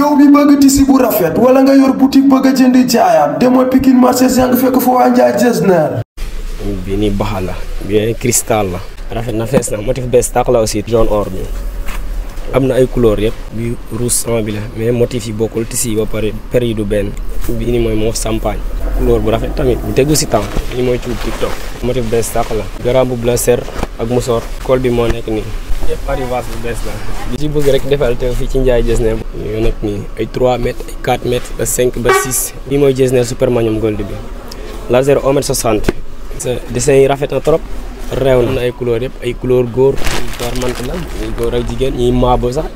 yow bi bëgg tissu bu rafet wala nga yor boutique bëgg jënd jënd jaayaat demoo pikin marché Zinc fekk fo waa Ndiaye ou bii bahala baxa la cristal la. rafet na fess na motif bes tak la aussi. jaune or bi amna ay couleur yëpp. bi rouge sang bi la mais motif yi bokul tissu yi ba paré période du ben bi ni moy mo champagne. couleur bu rafet tamit bu tegu si temps. ni moy ci tiktok. motif bes tak la. garam bu blazer ak musor col bi mo nek ni pariwaas bu bees la. li ci bëgg rek defal te fii ci Ndiaye Getzner. ñu nag nii ay 3 mètres ay 4 mètres ba 5 ba 6. bii mooy Getzner Supermanium Gold bi laser 1 mètre 60. sa dessin yi rafet na trop. reew na ay couleur yëpp ay couleur góor. góor la ñuy jigéen ñuy maabo sax.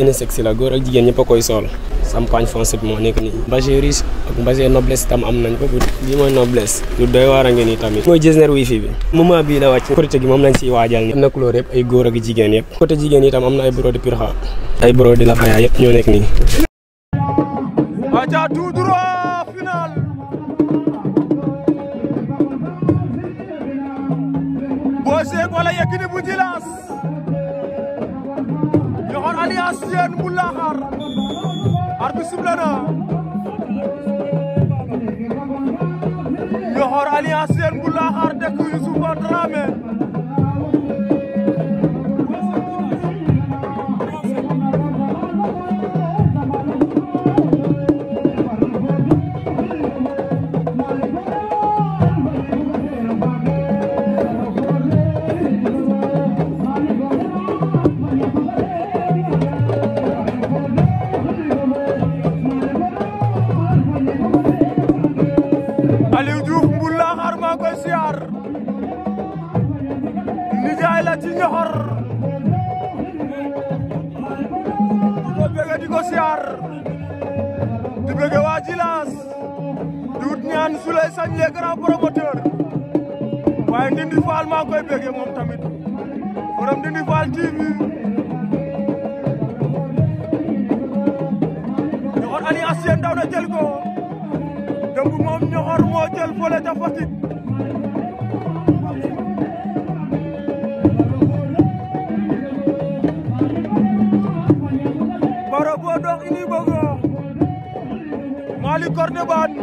unisexe eh, la góor ak jigen ñepp koy sol champagne français mo nek ni nii ak mbagé noblesse tam am nañ ko li moy noblesse du doy waar a ni tamit moy designer wifi bi moment bi la wacc côté gi mom lañ ci wajal ni amna couleur yëpp ay góor ak jigen yëpp côté jigen yi tam amna na ay brode purha ay brode la faya yëpp ñoo nek ni aca tout droit final boo seeg wala yekk ni bu jilaas Diène Mbou Lakhar arbitre sifflé na Yokhor Alliance Diène Mbou Lakhar dëkk Youssoufa Dramé ci ñoxor ko bëgg di di bëgg waa Djilass di wut ñaan Souleye Sagne le grand promoteur waaye Ndindy Fall maa koy bëgg moom tamit TV Ali Asien ko Waly Corné Bane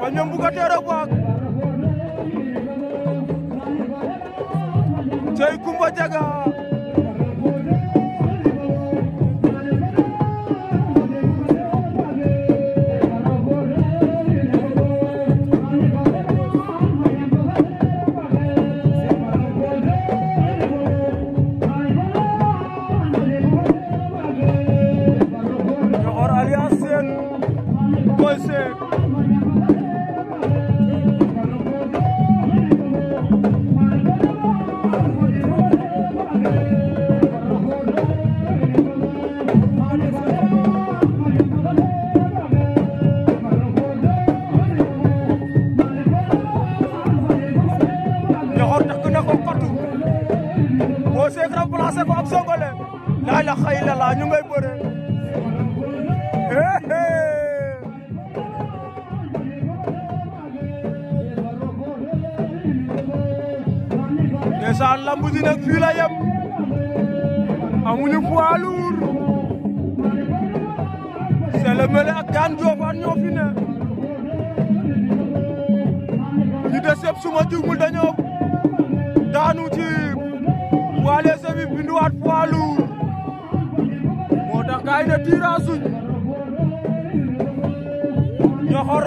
ba ñoom bu ko Kumba Jaga mooy seeg boo seeg remplacé ko ab songole la ilaha illallah ñu ngay bëre ndeysaan lamb ji nag yem amuñu poids lourd Sèlèmélé ak Gane Dioffane ñoo fi ne ñi des yëpp suma jumul dañoo daanu ci waale sebi binduwaat poids lourd moo tax gaay ne tiiraasuñ ñoxor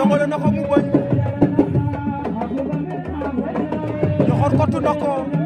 jongolo na ko mu bañ joxor ko tu na ko